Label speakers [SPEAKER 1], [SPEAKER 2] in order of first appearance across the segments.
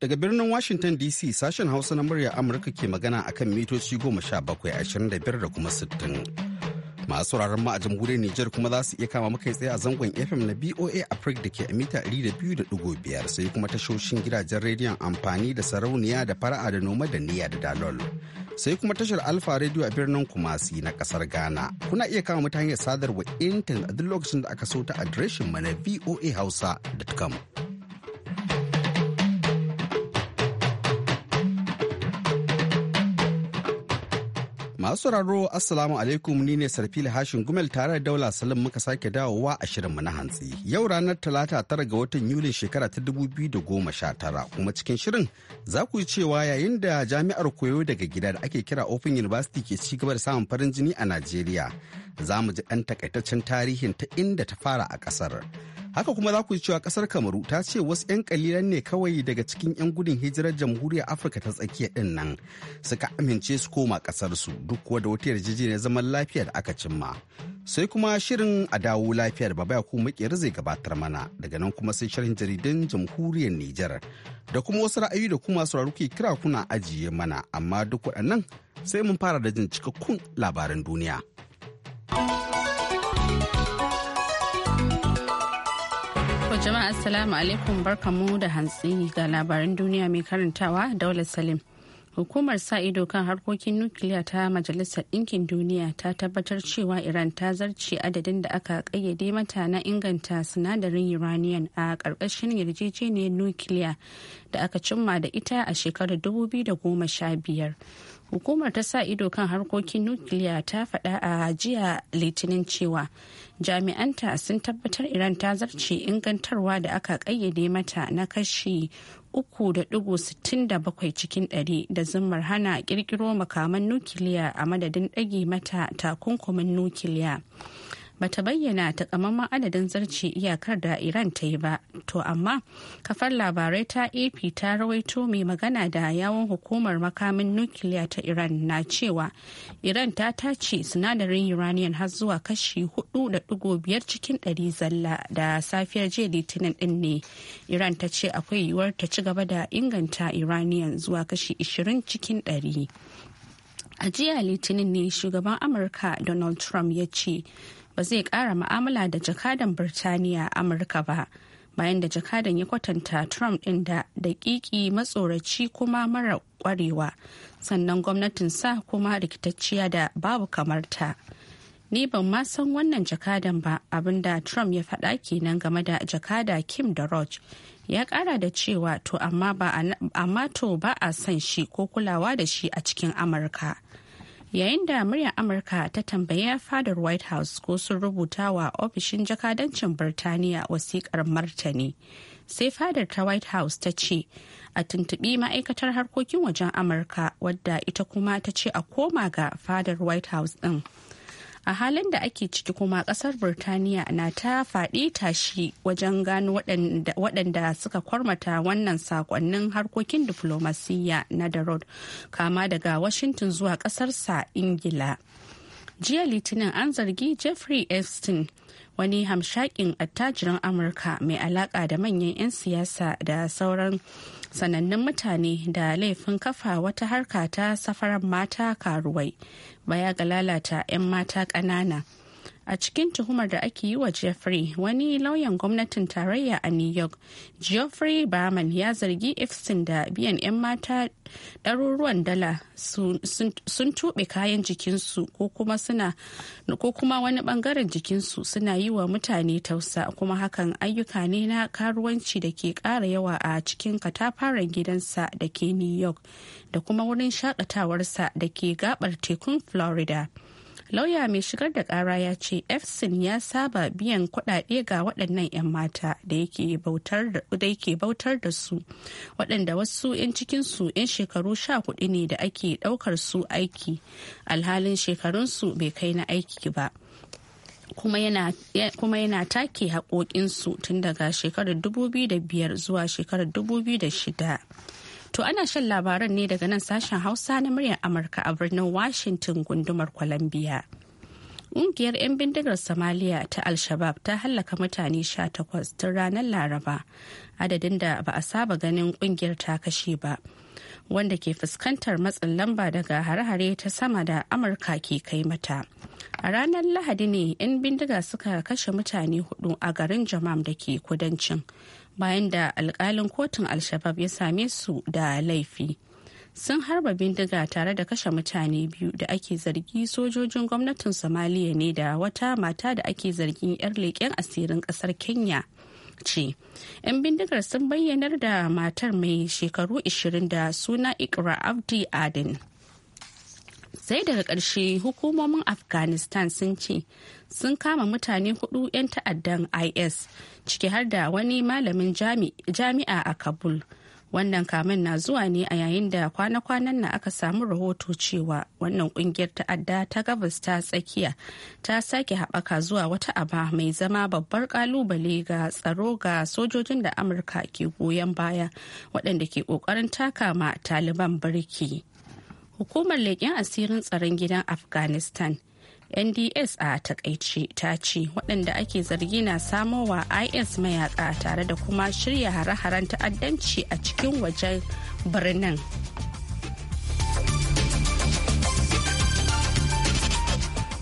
[SPEAKER 1] Daga birnin Washington DC sashen Hausa na murya Amurka ke magana akan mitoci goma sha bakwai ashirin da biyar da kuma sittin. Masu wuraren ma a jamhuriyar Nijar kuma za su iya kama muka tsaye a zangon FM na BOA Africa da ke a mita ɗari da biyu da ɗigo biyar sai kuma tashoshin gidajen rediyon amfani da sarauniya da fara'a da noma da niyya da dalol. Sai kuma tashar Alfa Radio a birnin Kumasi na kasar Ghana. Kuna iya kama mu ta hanyar sadarwa intanet a duk lokacin da aka so ta adireshin mu na voahausa.com. Masu sauraro Assalamu alaikum ni ne Sarfili Hashin Gumel tare da Daula Salim muka sake dawowa a shirinmu na hantsi. Yau ranar Talata tara ga watan Yulin shekara ta dubu biyu da goma sha tara kuma cikin shirin za ku yi cewa yayin da jami'ar koyo daga gida da ake kira Open University ke ci gaba da samun farin jini a Najeriya. Za mu ji ɗan takaitaccen tarihin ta inda ta fara a ƙasar. haka kuma za ku ji cewa kasar kamaru ta ce wasu 'yan kalilan ne kawai daga cikin 'yan gudun hijirar jamhuriyar afirka ta tsakiya din nan suka amince su koma kasarsu duk kuwa da wata yarjejeniyar zaman lafiya da aka cimma sai kuma shirin a dawo lafiyar ba babaya kuma makiyar zai gabatar mana daga nan kuma sai shirin jaridan jamhuriyar nijar da kuma wasu ra'ayi da kuma sauraro ke kira kuna ajiye mana amma duk waɗannan sai mun fara da jin cikakkun labaran duniya.
[SPEAKER 2] Jama'a Assalamu alaikum barkamu da hantsi ga labaran duniya mai karantawa Daular Salim. hukumar sa ido kan harkokin nukiliya ta majalisar ɗinkin duniya ta tabbatar cewa iran ta zarce adadin da aka ƙayyade mata na inganta sinadarin uranium a ƙarƙashin yarjejeniyar nukiliya da aka cimma da ita a shekarar 2015 hukumar ta sa ido kan harkokin nukiliya ta faɗa a jiya litinin cewa jami'anta sun tabbatar iran ta zarce ingantarwa da aka ƙayyade mata na kashi 3.67 cikin 100 da zimmar hana kirkiro makaman nukiliya a madadin ɗage mata takunkumin nukiliya. bata bayyana takamaiman adadin zarci iyakar da iran ta yi ba to amma kafar labarai ta ap ta rawaito mai magana da yawon hukumar makamin nukiliya ta iran na cewa iran ta tace sinadarin uranium har zuwa kashi 4.5 cikin 100 zalla da safiyar jiya litinin din ne iran ta ce akwai yiwuwar ta ci gaba da inganta iranian zuwa kashi 20 cikin 100 a jiya litinin ne shugaban amurka donald trump ya ce ba zai kara ma'amala da jakadan birtaniya amurka ba bayan da jakadan ya kwatanta trump ɗin da daƙiƙi matsoraci kuma mara ƙwarewa sannan gwamnatin sa kuma rikitacciya da babu kamarta ni ban ma san wannan jakadan ba abinda trump ya faɗa kenan game da jakada kim da roj ya ƙara da cewa to amma to ba a san shi ko kulawa da shi a cikin amurka yayin da muryar amurka ta tambayi fadar white house ko sun rubuta wa ofishin jakadancin birtaniya wasikar martani sai fadar ta white house ta ce a tuntubi ma'aikatar harkokin wajen amurka wadda ita kuma ta ce a koma ga fadar white house din. a halin da ake ciki kuma kasar birtaniya na ta faɗi tashi wajen gano waɗanda suka kwarmata wannan sakonnin harkokin diflomasiyya na darod kama daga washington zuwa sa ingila jiya litinin an zargi jeffrey epstein wani hamshakin attajirin amurka mai alaka da manyan 'yan siyasa da sauran sanannun mutane da laifin kafa wata harka ta safarar mata karuwai baya ga lalata 'yan mata ƙanana a cikin tuhumar da ake yi wa Jeffrey wani lauyan gwamnatin tarayya a New York. Jeffrey Berman ya zargi Epstein da biyan 'yan mata ɗaruruwan dala sun tuɓe kayan jikinsu ko kuma wani ɓangaren jikinsu suna yi wa mutane tausa kuma hakan ayyuka ne na karuwanci da ke ƙara yawa a cikin katafaren gidansa da ke New York da kuma wurin shakatawarsa da ke gabar tekun Florida. lauya mai shigar da kara ya ce efsin ya saba biyan kuɗaɗe ga waɗannan 'yan mata da yake bautar da su waɗanda wasu 'yan cikinsu 'yan shekaru sha kuɗi ne da ake ɗaukar su aiki alhalin shekarunsu bai kai na aiki ba kuma yana take haƙoƙinsu tun daga shekarar 2005 zuwa shekarar 2006 To ana shan labaran ne daga nan sashen Hausa na muryar Amurka a birnin Washington gundumar Columbia. Ƙungiyar 'yan bindigar Somalia ta Al-Shabab ta hallaka mutane 18 tun ranar Laraba, adadin da ba a saba ganin ƙungiyar ta kashe ba. wanda ke fuskantar matsin lamba daga hare-hare ta sama da amurka ke kai mata a ranar lahadi ne 'yan bindiga suka kashe mutane hudu a garin jamam da ke kudancin bayan da alkalin kotun alshabab ya same su da laifi sun harba bindiga tare da kashe mutane biyu da ake zargi sojojin gwamnatin somaliya ne da wata mata da ake zargin 'yar leƙen asirin ƙasar kenya ce 'yan bindigar sun bayyanar da matar mai shekaru 20 da suna ikra abdi adin sai daga ƙarshe hukumomin afghanistan sun ce sun kama mutane hudu 'yan ta'addan is ciki har da wani malamin jami'a a kabul wannan kamun na zuwa ne a yayin da kwana-kwanan na aka samu rahoto cewa wannan kungiyar ta'adda ta gabas ta tsakiya ta sake haɓaka zuwa wata aba mai zama babbar kalubale ga tsaro ga sojojin da amurka ke goyon baya waɗanda ke ƙoƙarin taka ma taliban birki. hukumar leƙen asirin tsaron gidan afghanistan nds a takaice ta ce waɗanda ake zargi na samowa is mayaka tare da kuma shirya hare-haren ta'addanci a cikin wajen birnin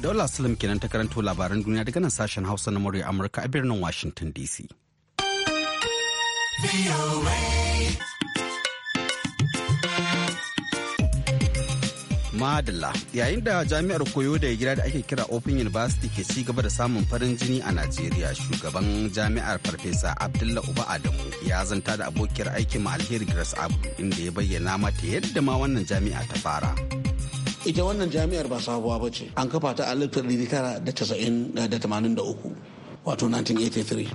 [SPEAKER 1] daula salam kenan ta karanto labaran duniya daga nan sashen hausa na murya amurka a birnin washington dc Madalla yayin da jami'ar koyo da gida da ake kira Open University ke ci gaba da samun farin jini a Najeriya shugaban jami'ar Farfesa Abdullah Uba Adamu ya zanta da abokiyar aikin mu Alheri Grace Abu inda ya bayyana mata yadda ma wannan jami'a ta fara. Ita wannan
[SPEAKER 3] jami'ar ba sabuwa ba ce an kafa ta a uku wato 1983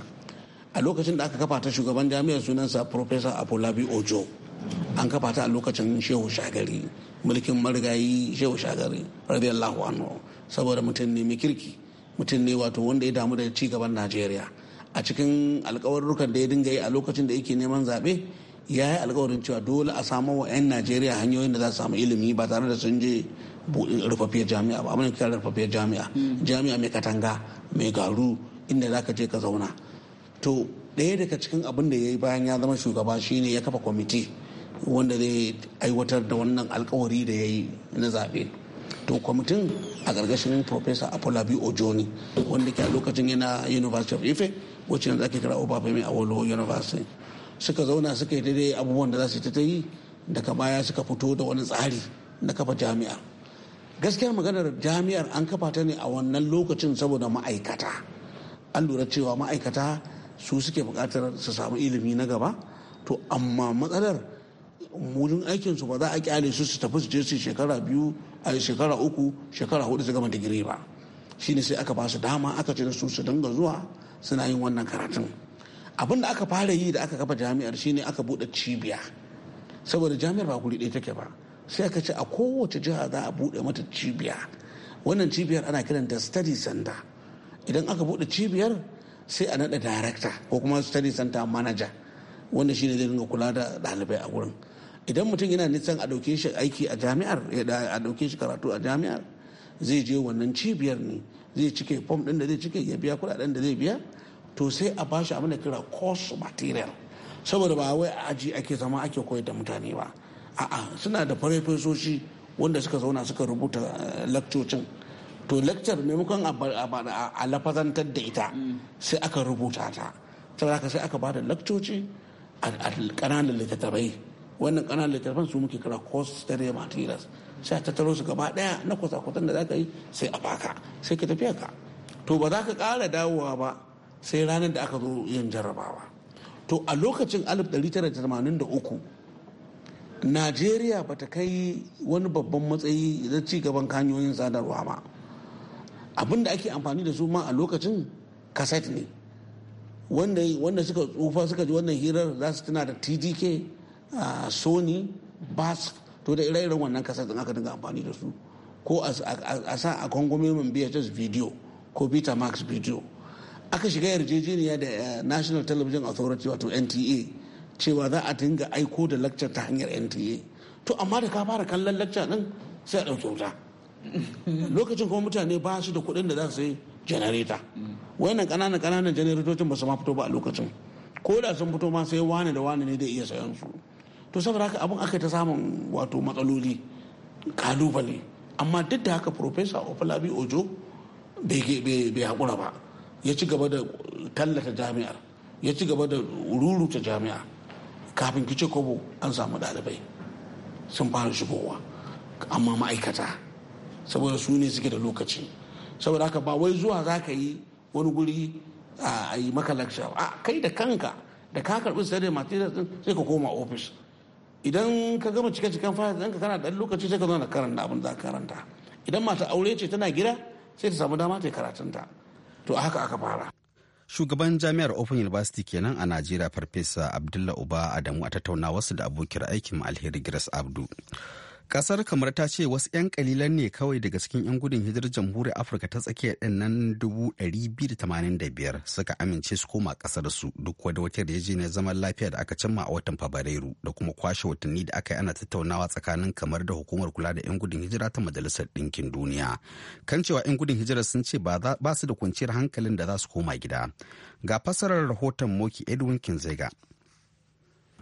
[SPEAKER 3] a lokacin da aka kafa ta shugaban jami'ar sunansa Professor Apolabi Ojo. an kafa ta a lokacin shehu shagari mulkin marigayi shehu shagari radiyallahu anhu saboda mutum ne mai kirki mutum ne wato wanda ya damu da ci gaban najeriya a cikin alkawarrukan da ya dinga yi a lokacin da yake neman zaɓe ya yi alkawarin cewa dole a samu wa 'yan najeriya hanyoyin da za su samu ilimi ba tare da sun je rufaffiyar jami'a ba amma kira rufaffiyar jami'a hmm. jami'a mai katanga mai garu inda za ka je ka zauna to ɗaya daga cikin abin da ya yi bayan ya zama shugaba shine ya kafa kwamiti wanda zai aiwatar da wannan alkawari da ya yi na zaɓe to kwamitin a gargashin professor apolabi ojoni wanda ke a lokacin yana university of ife wacce yanzu ake kira obafe a awolo university suka zauna suka yi daidai abubuwan da za su ta yi daga baya suka fito da wani tsari na kafa jami'a Gaskiya maganar jami'ar an kafa ta ne a wannan lokacin saboda ma'aikata an lura cewa ma'aikata su suke bukatar su samu ilimi na gaba to amma matsalar mummunin aikin su ba za a kyale su su tafi su je su shekara biyu a shekara uku shekara hudu su gama digiri ba shine sai aka ba su dama aka ce su su dinga zuwa suna yin wannan karatun abin da aka fara yi da aka kafa jami'ar shine aka bude cibiya saboda jami'ar ba kuri ɗaya take ba sai aka ce a kowace jiha za a bude mata cibiya wannan cibiyar ana kiran kiranta study center idan aka bude cibiyar sai a naɗa director ko kuma study center manager wanda shine zai dinga kula da ɗalibai a wurin. idan mutum yana nisan a dauke shi aiki a jami'ar ya a dauke shi karatu a jami'ar zai je wannan cibiyar ne zai cike fom ɗin da zai cike ya biya kuɗaɗen da zai biya to sai a bashi abin da kira course material saboda ba wai aji ake zama ake koyar da mutane ba a'a suna da farfesoshi wanda suka zauna suka rubuta eh, lakcocin to lakcar maimakon a lafazantar da ita sai aka rubuta ta sai aka ba da lakcoci a ƙananan littattafai wannan ƙananan littattafan su muke kira study materials sai a tattaro su gaba ɗaya na kwasakwatan da za ka yi sai a baka sai ka tafiya ka to ba za ka kara dawowa ba sai ranar da aka zo yin jarrabawa to a lokacin 1983 najeriya ba ta kai wani babban matsayi da ci gaban kanyoyin sadarwa ba abin da ake amfani da su ma a lokacin kaset ne wanda, suka tsufa suka ji wannan hirar za su tuna da tdk A sony basque to da ire-iren wannan kasar da aka dinga amfani da su ko a sa a kongomimin bhs video ko peter max video aka shiga yarjejeniya da eh, national television authority wato nta cewa za a dinga aiko da lacca ta hanyar nta to amma da ka fara kallon lacca din sai a ɗauki wuta lokacin kuma mutane ba su da kuɗin da za su yi janareta wannan ƙananan ƙananan janaretocin ba su ma fito ba a lokacin ko da sun fito ma sai wane da wane ne da iya sayan su to saboda haka abin aka ta samun wato matsaloli kalubale amma duk da haka profesa ofalabi ojo bai haƙura ba ya ci gaba da tallata jami'ar ya ci gaba da ta jami'a kafin kice kobo an samu ɗalibai sun fara shigowa amma ma'aikata saboda su ne suke da lokaci saboda haka ba wai zuwa za ka yi wani guri a yi maka lakshar a kai da kanka da ka karɓi sai da materials sai ka koma ofis idan ka gama cike ciken fata ɗanka kana ɗan lokaci sai ka zo na karanta abin da karanta idan mata aure ce tana gida sai ta samu dama ta yi karatunta to a haka aka fara
[SPEAKER 1] shugaban jami'ar open university kenan a najeriya farfesa abdullah uba adamu a tattaunawarsu da abokin aikin alheri grace abdu kasar kamar ta ce wasu 'yan kalilan ne kawai daga cikin 'yan gudun hijirar jamhuriyar afirka ta tsakiya din nan 285 suka amince su koma kasar su duk wadda wata yarjejeniyar zaman lafiya da aka cimma a watan fabrairu da kuma kwashe watanni da aka yi ana tattaunawa tsakanin kamar da hukumar kula da 'yan gudun hijira ta majalisar ɗinkin duniya kan cewa 'yan gudun hijirar sun ce ba su da kwanciyar hankalin da za su koma gida
[SPEAKER 4] ga fassarar rahoton moki edwin kinzega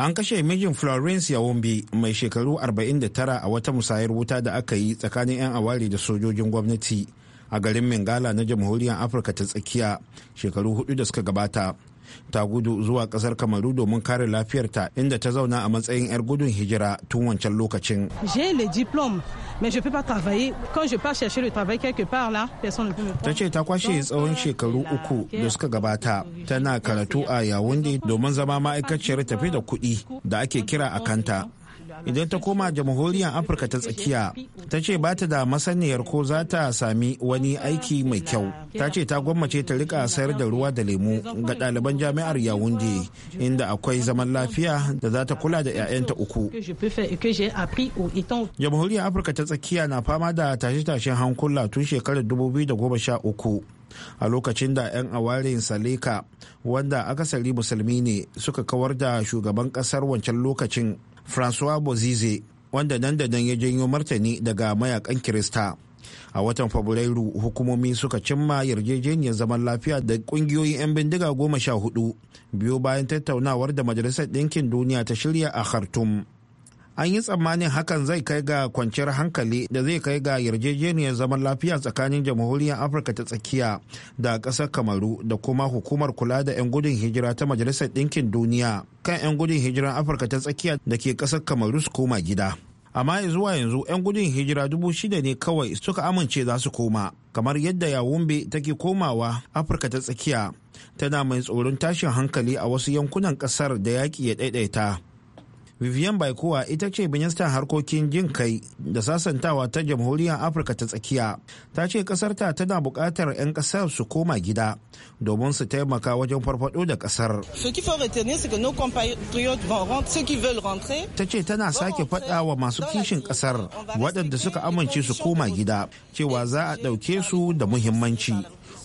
[SPEAKER 4] an kashe mijin florence yawombi mai shekaru 49 a wata musayar wuta da aka yi tsakanin 'yan awari da sojojin gwamnati a garin mingala na jamhuriyar afirka ta tsakiya shekaru hudu da suka gabata ta gudu zuwa kasar kamaru domin kare lafiyarta inda ta zauna a matsayin 'yar gudun hijira tun wancan lokacin
[SPEAKER 5] ta ce ta kwashe
[SPEAKER 4] tsawon shekaru uku da suka gabata tana karatu a yawundi domin zama ma'aikaciyar tafi da kuɗi da ake kira a kanta idan ta koma jamhuriyar afirka ta tsakiya ta ce ba ta da masaniyar ko za ta sami wani aiki mai kyau ta ce ta gwammace ta rika sayar da ruwa da lemu ga ɗaliban jami'ar yawunde inda akwai zaman lafiya da za ta kula da 'ya'yanta uku jamhuriyar afirka ta tsakiya na fama da tashe-tashen hankula tun shekarar dubu biyu da goma sha uku a lokacin da 'yan awarin saleka wanda akasari musulmi ne suka kawar da shugaban kasar wancan lokacin francois bozize wanda nan da nan ya janyo martani daga mayakan kirista a watan fabrairu hukumomi suka cimma yarjejeniyar zaman lafiya da kungiyoyin 'yan bindiga goma sha hudu biyu bayan tattaunawar da majalisar ɗinkin duniya ta shirya a khartoum an yi tsammanin hakan zai kai ga kwanciyar hankali da zai kai ga yarjejeniyar zaman lafiya tsakanin jamhuriyar afirka ta tsakiya da ƙasar kamaru da kuma hukumar kula da 'yan gudun hijira ta majalisar ɗinkin duniya kan 'yan gudun hijiran afirka ta tsakiya da ke ƙasar kamaru su koma gida amma zuwa yanzu 'yan gudun hijira dubu shida ne kawai suka amince za su koma kamar yadda yawumbe take komawa afirka ta tsakiya tana mai tsoron tashin hankali a wasu yankunan ƙasar da yaƙi ya ɗaiɗaita vivian baikowa ita ce ministan harkokin jin kai da sasantawa ta jamhuriyar afirka ta tsakiya ta ce kasarta tana buƙatar 'yan ƙasar su koma gida domin su taimaka wajen farfado da ƙasar ta ce tana sake faɗa wa masu kishin ƙasar waɗanda suka amince su koma gida cewa za a ɗauke su da muhimmanci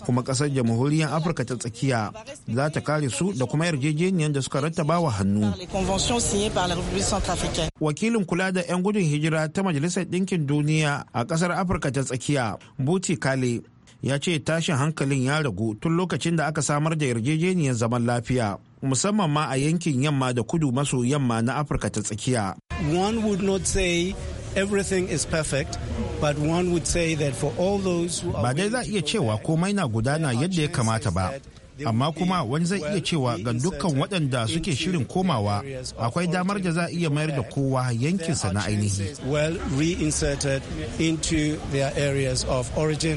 [SPEAKER 4] kuma kasar jamhuriyar afirka ta tsakiya za ta kare su da kuma yarjejeniyar da suka rattaba wa hannu wakilin kula da 'yan gudun hijira ta majalisar ɗinkin duniya a kasar afirka ta tsakiya buti kale ya ce tashin hankalin ya ragu tun lokacin da aka samar da yarjejeniyar zaman lafiya musamman ma a yankin yamma da kudu maso yamma na afirka ta tsakiya everything is perfect but one would say that for all those ba dai za a iya cewa komai na gudana yadda ya kamata ba amma kuma wani zai iya cewa ga dukkan waɗanda suke shirin komawa akwai damar da za a iya mayar da kowa yankinsa na ainihi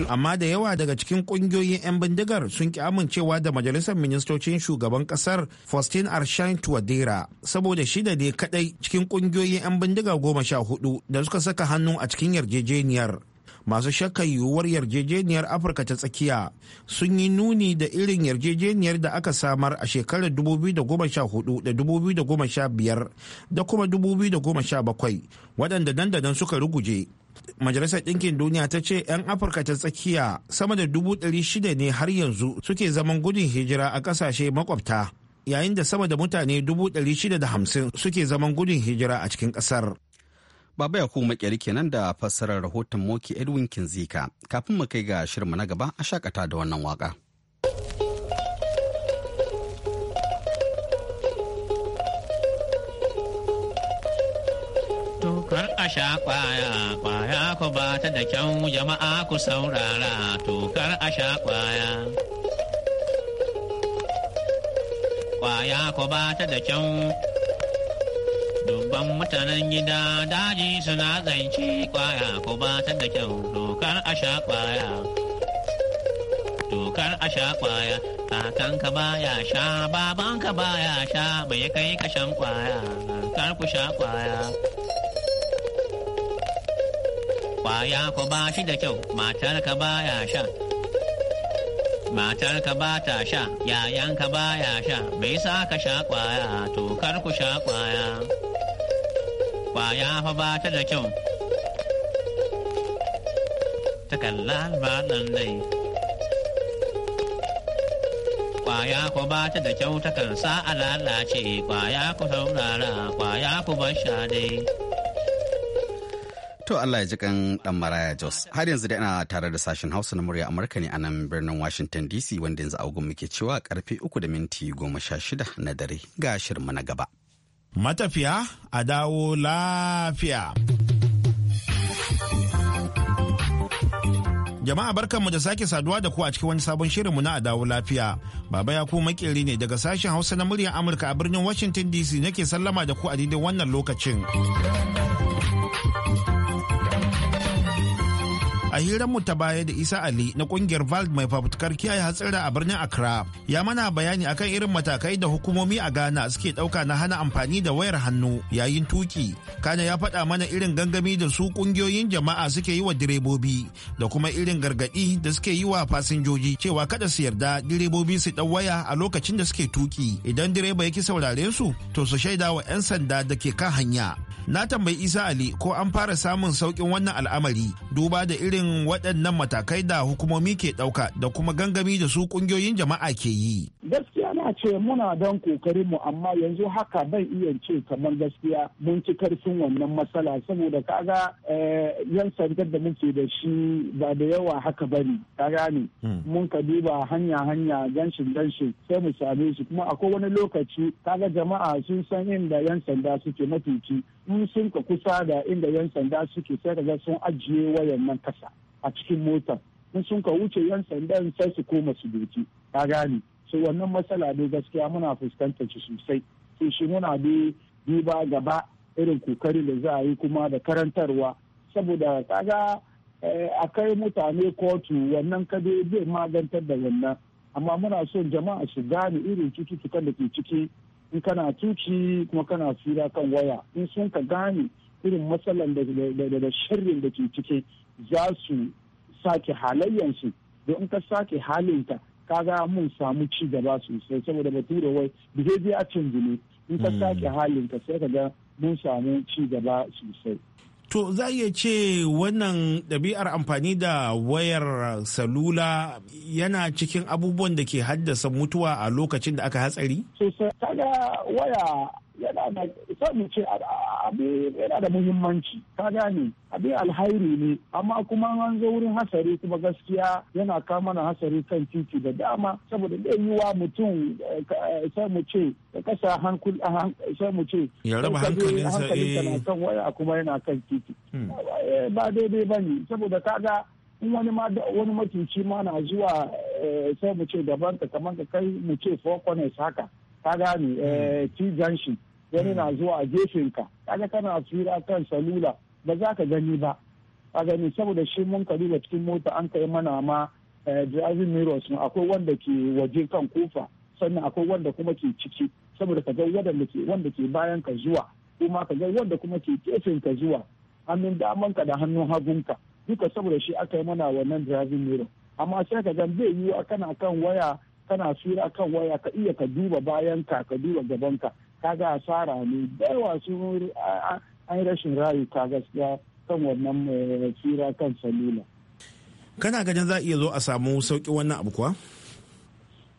[SPEAKER 4] amma da yawa daga cikin ƙungiyoyin 'yan bindigar sun ki amincewa da majalisar ministocin shugaban ƙasar faustin arshain tuwadera saboda shida dai kadai cikin ƙungiyoyin 'yan bindiga goma sha hudu da suka saka hannu a cikin yarjejeniyar masu shakkar yiwuwar yarjejeniyar afirka ta tsakiya sun yi nuni da irin yarjejeniyar da aka samar a shekarar 2014 da 2015 da kuma 2017 waɗanda dandanan suka ruguje majalisar ɗinkin duniya ta ce 'yan afirka ta tsakiya sama da 600 ne har yanzu suke zaman gudun hijira a ƙasashe makwabta yayin da sama da mutane 650 suke zaman gudun hijira a cikin ƙasar Baba Yakubu Makeri kenan da fassarar rahoton Moki Edwin
[SPEAKER 1] Kinzika. Kafin mu kai ga shirma na gaba a shakata da wannan waka.
[SPEAKER 5] Tukar a sha kwaya, kwaya ku ba ta da kyau jama'a ku saurara tukar a sha kwaya. Kwaya ku ba ta da kyau Ban mutanen gida daji suna zance kwaya ko ba ta da kyau dokar a sha kwaya. Dokar a sha kwaya, kakanka baya sha, babanka baya sha, bai kai kashan kwaya, kar ku sha kwaya. Kwaya ko ba shi da kyau, matarka ya sha. matarka ba ta sha yayanka ba ya sha bai sa ka sha kwaya to kar ku sha kwaya kwaya fa ba ta da kyau takan nan dai kwaya ku ba ta da kyau ta kan sa a lalace kwaya ku saurara kwaya ku bar dai
[SPEAKER 1] To Allah ya ji kan dan Maraya Jos. Har yanzu da ana tare da sashen Hausa na murya Amurka ne a nan birnin Washington DC wanda yanzu agogon muke cewa karfe uku da minti goma sha shida na dare ga shirma na gaba.
[SPEAKER 4] matafiya a dawo lafiya. Jama'a barkanmu da sake saduwa da ku a cikin wani sabon shirin mu na a dawo lafiya. Baba ya ku makeri ne daga sashen Hausa na muryar Amurka a birnin Washington DC nake sallama da ku a daidai wannan lokacin. a hiranmu ta baya da isa ali na kungiyar vald mai fafutukar kiyaye hatsira a birnin accra ya mana bayani akan irin matakai da hukumomi a ghana suke dauka na hana amfani da wayar hannu yayin tuki kana ya faɗa mana irin gangami da su kungiyoyin jama'a suke yi wa direbobi da kuma irin gargaɗi da suke yi wa fasinjoji cewa kada su yarda direbobi su ɗau waya a lokacin da suke tuki idan direba yake saurare su to su shaida wa 'yan sanda da ke kan hanya na tambayi isa ali ko an fara samun saukin wannan al'amari duba da irin waɗannan matakai da hukumomi ke ɗauka da kuma gangami da su ƙungiyoyin jama'a ke yi.
[SPEAKER 6] a ce muna don kokari mu amma yanzu haka bai iya ce kamar gaskiya mun ci karfin wannan matsala saboda kaga eh, yan sandar da muke da shi ba da yawa haka ba ne ka gane hmm. mun ka duba hanya hanya ganshin ganshin sai mu same shi kuma akwai wani lokaci kaga jama'a sun san inda yan sanda suke matuki in sun ka kusa da inda yan sanda suke sai kaga sun ajiye wayan nan kasa a cikin motar in sun ka wuce yan sandan sai su koma su doki ka gane su wannan matsala dai gaskiya muna fuskantar shi sosai sai shi muna bi diba gaba irin kokari da za a yi kuma da karantarwa saboda kaga eh, a kai mutane kotu wannan kade zai magantar da wannan amma muna son jama'a su gane irin cututtukan da ke ciki in kana tuci kuma kana fira kan waya in sun ka gane irin matsalan da shirin da ke ciki za su sake halayyansu don in ka sake halinta kaga mun samu ci gaba sosai saboda bature wai behavior canji ne in ka hmm. sake halin ka sai ka ga mun samu ci gaba sosai
[SPEAKER 4] To za iya ce wannan ɗabi'ar amfani da wayar salula yana cikin abubuwan da ke haddasa mutuwa a lokacin da aka hatsari?
[SPEAKER 6] Sosai, kaga waya yana da sami ce yana da muhimmanci ka gane abin alhairi ne amma kuma an zo wurin hasari kuma gaskiya yana kama na hasari kan titi da dama saboda zai yi wa mutum eh, sai mu ce da kasa hankul sai mu ce ya raba hankalinsa eh. kan waya kuma yana kan titi hmm. eh, ba daidai bane saboda kaga in wani ma wani matuci ma na zuwa sai mu ce daban ka kamar ka kai mu ce four haka ka gane ci hmm. junction wani hmm. na zuwa a gefenka kaga kana tsira kan salula ba za ka gani ba a gani saboda shi mun kari da cikin mota an kai mana ma eh, driving mirrors akwai wanda ke waje kan kofa sannan akwai wanda kuma ke ciki saboda ka ga wanda ke bayan ka zuwa kuma ka ga wanda kuma ke gefen ka zuwa hannun damanka da hannun hagunka duka saboda shi aka yi mana wannan driving mirror amma sai ka ga zai yiwu kana kan waya kana sura kan waya ka iya ka duba bayan ka ka duba gaban ka kaga asara ne da yawa sun an rashin rayuka gaskiya kan wannan eh, tsira kan salula
[SPEAKER 4] kana ganin za a iya zo a samu sauki wannan abu kuwa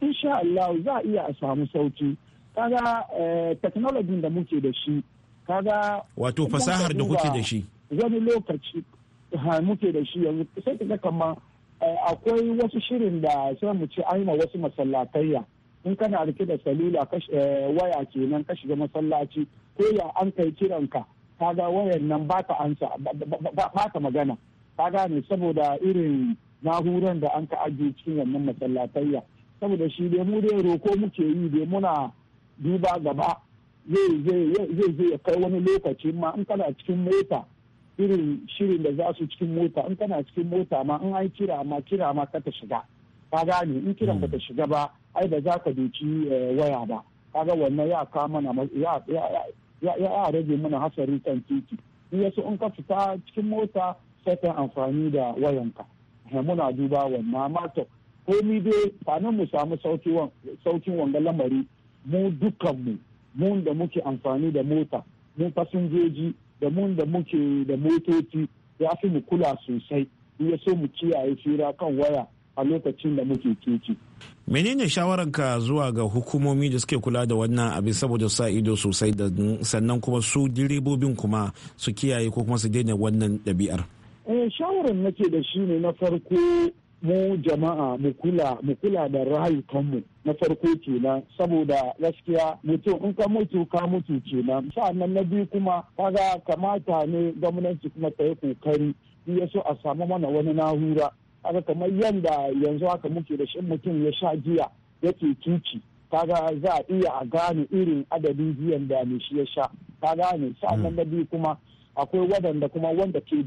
[SPEAKER 6] insha Allah za a iya a samu sauki kaga eh, technology da muke da shi kaga wato fasahar da kuke da shi wani lokaci muke da shi yanzu sai ka kama eh, akwai wasu shirin da sai mu ce aima wasu masallatayya in kana rike da salula eh, waya kenan ka shiga masallaci ko ya an kai kiranka kaga wayan nan ba ta ansa ba ta magana ka gane saboda irin nahuran da an ka ajiye cikin wannan masallatayya saboda shi dai mu dai roko muke yi dai muna duba gaba zai zai zai kai wani lokaci ma in kana cikin mota irin shirin da za su cikin mota in kana cikin mota ma in an kira ma kira ma ka ta shiga ka gane in kiran hmm. ba ta shiga ba ai ba za ka doki eh, waya ba kaga wannan ya ka mana ya ya rage mana hasari kan titi in yasu in ka fita cikin mota sai ka amfani da wayanka eh, muna duba wannan amma to komi dai kana mu samu saukin wanga lamari mu mu mun da muke amfani da mota mu fasinjoji da mun da muke da motoci ya fi mu kula sosai ya so mu kiyaye fira kan waya a lokacin da muke keke.
[SPEAKER 4] menene shawararka zuwa ga hukumomi da suke kula da wannan abin saboda sa ido sosai da sannan kuma su direbobin kuma su kiyaye ko kuma su daina wannan ɗabi'ar
[SPEAKER 6] eh, shawarar nake da shi ne na farko mu jama'a mu kula mu kula da rayukanmu na farko kenan saboda gaskiya mutum in ka mutu ka mutu kenan sa'annan na biyu kuma kaga kamata ne gwamnati kuma ta yi kokari ya so a samu mana wani na'ura kaga kamar yadda yanzu haka muke da shi mutum ya sha giya yake tuci kaga za a iya a gane irin adadin giyan da ne shi ya sha ka gane sa'annan da biyu kuma akwai wadanda kuma wanda ke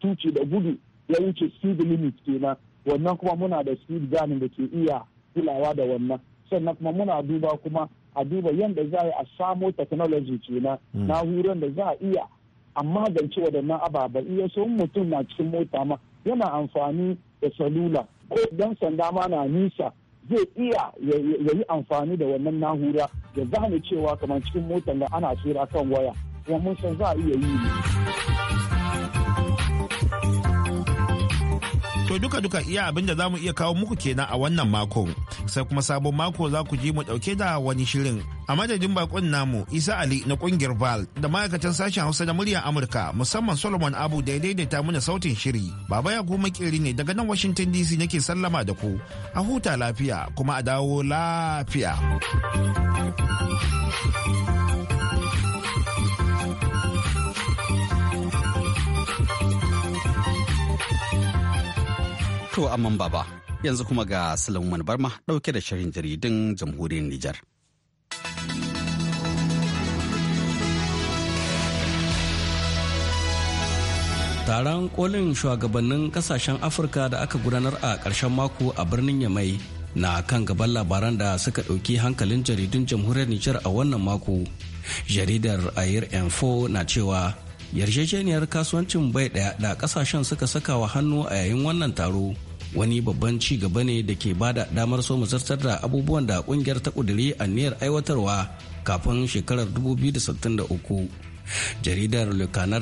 [SPEAKER 6] tuci da gudu ya wuce speed limit kenan wannan kuma muna da speed ganin da ke iya kulawa da wannan sannan kuma muna duba kuma a duba yadda za a samo technology kenan wurin hmm. da za a iya a magance waɗannan ababen iya so mutum na cikin mota ma yana amfani da salula ko dan sanda ma na nisa zai iya ya yi amfani da wannan nahura ya zane cewa kamar cikin motar da ana tsira kan waya kuma mun san za a iya yi ne.
[SPEAKER 4] To duka-duka iya abin da zamu iya kawo muku kenan a wannan makon. Sai kuma sabon mako za ku ji mu dauke da wani shirin. A madadin bakon namu Isa Ali na kungiyar Val da ma'aikatan sashen Hausa da muryar Amurka musamman Solomon Abu da ya daidaita mana sautin shiri. Baba ya goma kiri ne daga nan Washington DC nake sallama da ku. A huta lafiya kuma a dawo lafiya.
[SPEAKER 1] To amman baba yanzu kuma ga Sulaiman Barma ɗauke da shirin jaridun
[SPEAKER 7] jamhuriyar Nijar. Taron kolin shugabannin kasashen Afirka da aka gudanar a ƙarshen mako a birnin Yamai na kan gaban labaran da suka ɗauki hankalin jaridun jamhuriyar Nijar a wannan mako. Jaridar Air Info na cewa yarjejeniyar kasuwancin bai ɗaya da kasashen suka saka wa hannu a yayin wannan taro wani babban ci gaba ne da ke bada damar so zartar da abubuwan da kungiyar ta a niyyar aiwatarwa kafin shekarar 2063 jaridar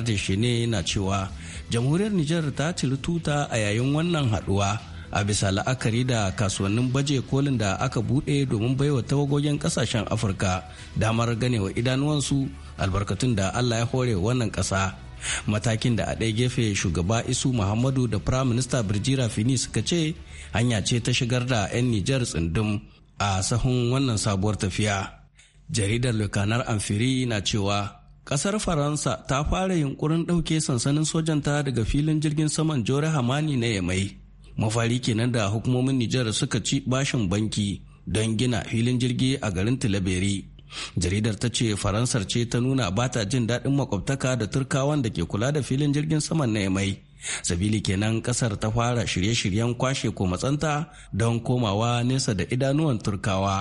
[SPEAKER 7] da shi ne na cewa jamhuriyar Nijar ta ciri tuta a yayin wannan haduwa a bisa la'akari da kasuwannin baje kolin da aka bude domin baiwa tawagogin kasashen afirka damar ganewa idanuwansu albarkatun da allah ya hore wannan kasa matakin da a ɗaya gefe shugaba isu muhammadu da prime minister birjira fini suka ce hanya ce ta shigar da 'yan nijar tsundum a sahun wannan sabuwar tafiya jaridar lokanar amfiri na cewa ƙasar faransa ta fara yunkurin ɗauke sansanin sojanta daga filin jirgin saman jore hamani na yamai mafari kenan da hukumomin nijar suka ci bashin banki don gina filin jirgi a garin tilaberi jaridar ta ce faransar ce ta nuna ba ta jin daɗin makwabtaka da turkawan da ke kula da filin jirgin saman na mai sabili kenan kasar ta fara shirye-shiryen kwashe ko matsanta don komawa nesa da idanuwan turkawa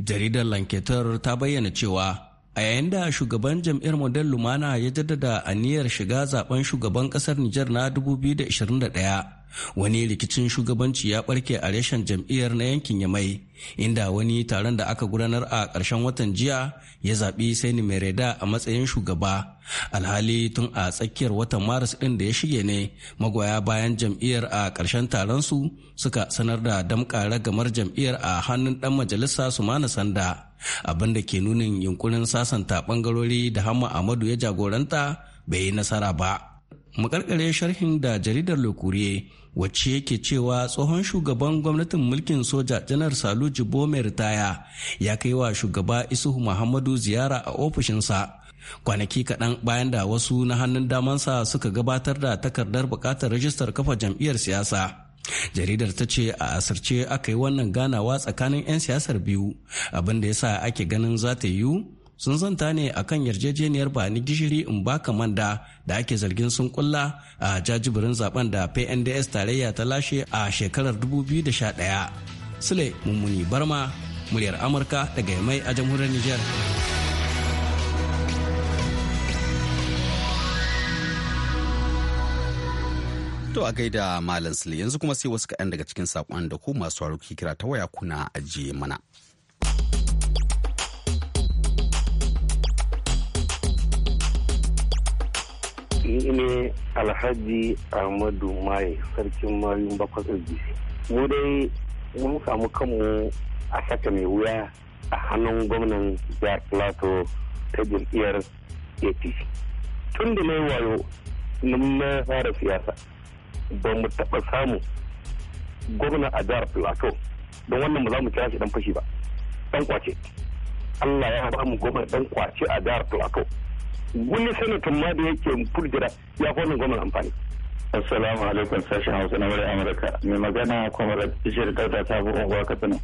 [SPEAKER 7] jaridar lanketar ta bayyana cewa a yayin da shugaban jam'iyyar model lumana ya jaddada aniyar shiga zaben shugaban kasar nijar na 2021 wani rikicin shugabanci ya barke a reshen jam'iyyar na yankin yamai inda wani taron da aka gudanar a ƙarshen watan jiya ya zaɓi saini mereda a matsayin shugaba alhali tun a tsakiyar watan maris ɗin da ya shige ne magoya bayan jam'iyyar a ƙarshen taron su suka sanar da damƙa ragamar jam'iyyar a hannun ɗan majalisa su mana sanda abin da ke nunin yunkurin sasanta ɓangarori da hamma amadu ya jagoranta bai yi nasara ba makarkare sharhin da jaridar lokuriye wacce yake cewa tsohon shugaban gwamnatin mulkin soja janar salu jibo mai ritaya ya kai wa shugaba isuhu muhammadu ziyara a ofishinsa kwanaki kaɗan bayan da wasu na hannun damansa suka gabatar da takardar buƙatar rajistar kafa jam'iyyar siyasa jaridar ta ce a asirce aka yi wannan ganawa tsakanin 'yan siyasar biyu abin da ya sa ake ganin za ta yiwu sun zanta ne a kan yarjejeniyar bani gishiri in baka manda da ake zargin sun kulla a jajibirin zaben da pnds tarayya ta lashe a shekarar 2011 sule mummuni barma muryar amurka daga yamai a jamhuriyar niger
[SPEAKER 1] To a gaida Malam Sule yanzu kuma sai wasu kaɗan daga cikin saƙon da ku masu kira ta waya kuna ajiye mana.
[SPEAKER 8] ni ne alhaji ahmadu mai sarkin mayun bakwas sbc mu dai mun samu kanmu a saka mai wuya a hannun gwamnan jihar plateau ta jam'iyyar apc tun da mai wayo na fara siyasa ba mu taɓa samu gwamna a jihar plateau don wannan ba za mu kira shi dan fashi ba dan kwace allah ya ba mu gwamna dan kwace a jihar plateau wani sanatan ma da yake kurgira ya fi wannan gwamnan amfani. Assalamu alaikum sashen Hausa na Murya Amurka. Mai magana da Bishir Dauda ta bu unguwa Katsina.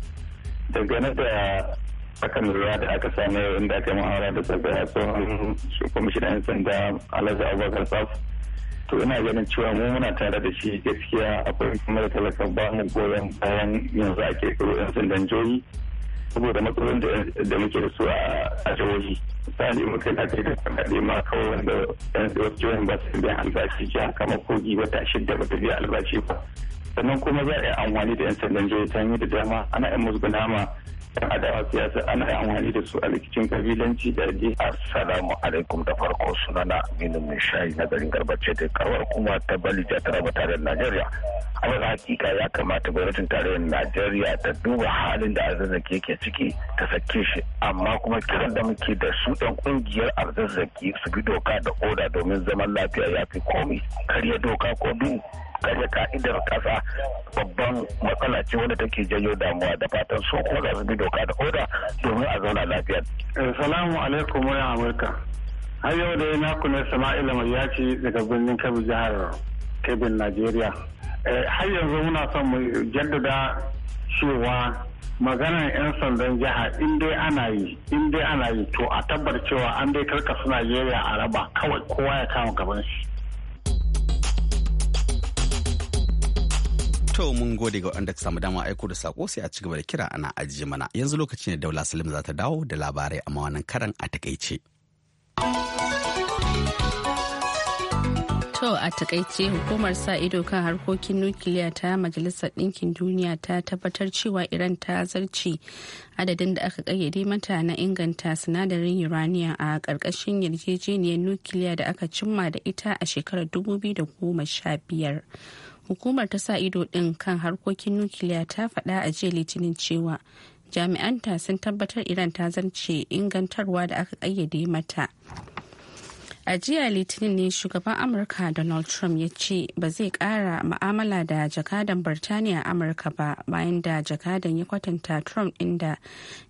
[SPEAKER 8] Dangane da akan lura da aka samu inda aka yi ma'aura da tsarkaya tsohon kwamishinan 'yan sanda Alhaji Abubakar Saf. To ina ganin cewa mu muna tare da shi gaskiya akwai kuma da talakan ba mu goyon bayan yanzu ake kiro 'yan sandan jihohi. saboda matsalolin da muke da su a jihohi misali kai na kai da kaɗe ma kawai wanda yan wasu jihohin ba su biyan albashi jiha kamar kogi wata shidda ba ta biya albashi ba sannan kuma za a yi amfani da yan sandan jihohi ta hanyar da dama ana yan musu ma yan adawa siyasa ana yi amfani da su a rikicin kabilanci da yaje. Assalamu alaikum da farko suna na Aminu Mai Shayi na garin Garbace da karwar kuma ta Balija ta raba tare da Najeriya. A wani hakika ya kamata gwamnatin tarayyar Najeriya ta duba halin da arzazzaki yake ciki ta sake shi amma kuma kiran da muke da su ɗan ƙungiyar arzazzaki su bi doka da oda domin zaman lafiya ya fi komi karya doka ko du karya ka'idar kasa babban matsala ce wadda take janyo damuwa da fatan so kuma za su bi doka da oda domin a zauna lafiya. Eh, salamu alaikum wa Amurka. Har yau da na kuna Sama'ila mai yaci daga birnin Kebbi jihar Kebbi Najeriya. Eh, har yanzu muna son mu jaddada cewa maganar 'yan sandan jiha in dai ana yi in dai ana yi to a tabbar cewa an dai karkasu Najeriya a raba kawai
[SPEAKER 1] kowa ya kama gaban shi. To mun gode ga ta samu dama aiko da sako sai a ci gaba da kira ana ajiye mana yanzu lokaci ne Daula Salim za ta dawo da labarai amma wannan karan a takaice.
[SPEAKER 2] To a takaice hukumar sa ido kan harkokin nukiliya ta Majalisar Ɗinkin Duniya ta tabbatar cewa Iran ta zarce adadin da aka kayyade mata na inganta sinadarin uranium a ƙarƙashin yarjejeniyar nukiliya da aka cimma da ita a shekarar 2015. hukumar ta sa ido din kan harkokin nukiliya ta faɗa a jiya litinin cewa jami'anta sun tabbatar iran ta zance ingantarwa da aka ƙayyade mata a jiya litinin ne shugaban amurka donald trump ya ce ba zai kara ma'amala da jakadan birtaniya amurka ba bayan da jakadan ya kwatanta trump inda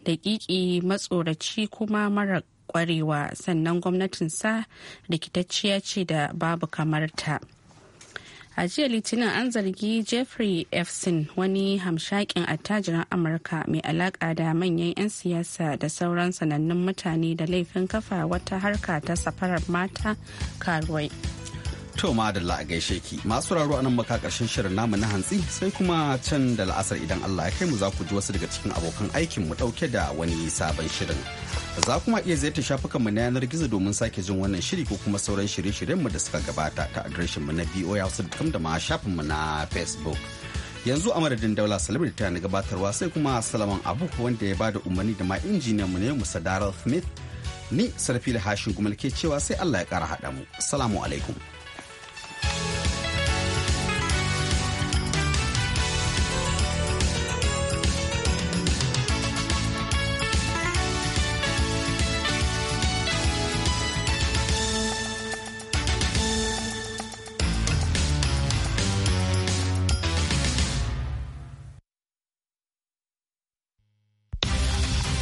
[SPEAKER 2] daƙiƙi matsoraci kuma mara kwarewa sannan gwamnatinsa rikitacciya ce da babu kamarta. ta a jiya litinin an zargi jeffrey efsin wani hamshakin attajiran amurka mai alaka da manyan 'yan siyasa da sauran sanannun mutane da laifin kafa wata harka ta safarar mata karuwai
[SPEAKER 1] To madalla a gaishe ki masu raro anan maka karshen shirin namu na hantsi sai kuma can da la'asar idan Allah ya kai mu za ku ji wasu daga cikin abokan aikin mu dauke da wani sabon shirin. Za kuma iya ziyarta shafukanmu na yanar gizo domin sake jin wannan shiri ko kuma sauran shirye-shiryenmu da suka gabata ta adireshinmu na voahouse.com da ma shafinmu na Facebook. Yanzu a madadin daula salamar ta na gabatarwa sai kuma salaman abu wanda ya bada umarni da ma injiniyan mu ne musa smith ni da hashin gumal ke cewa sai allah ya kara haɗa mu salamu alaikum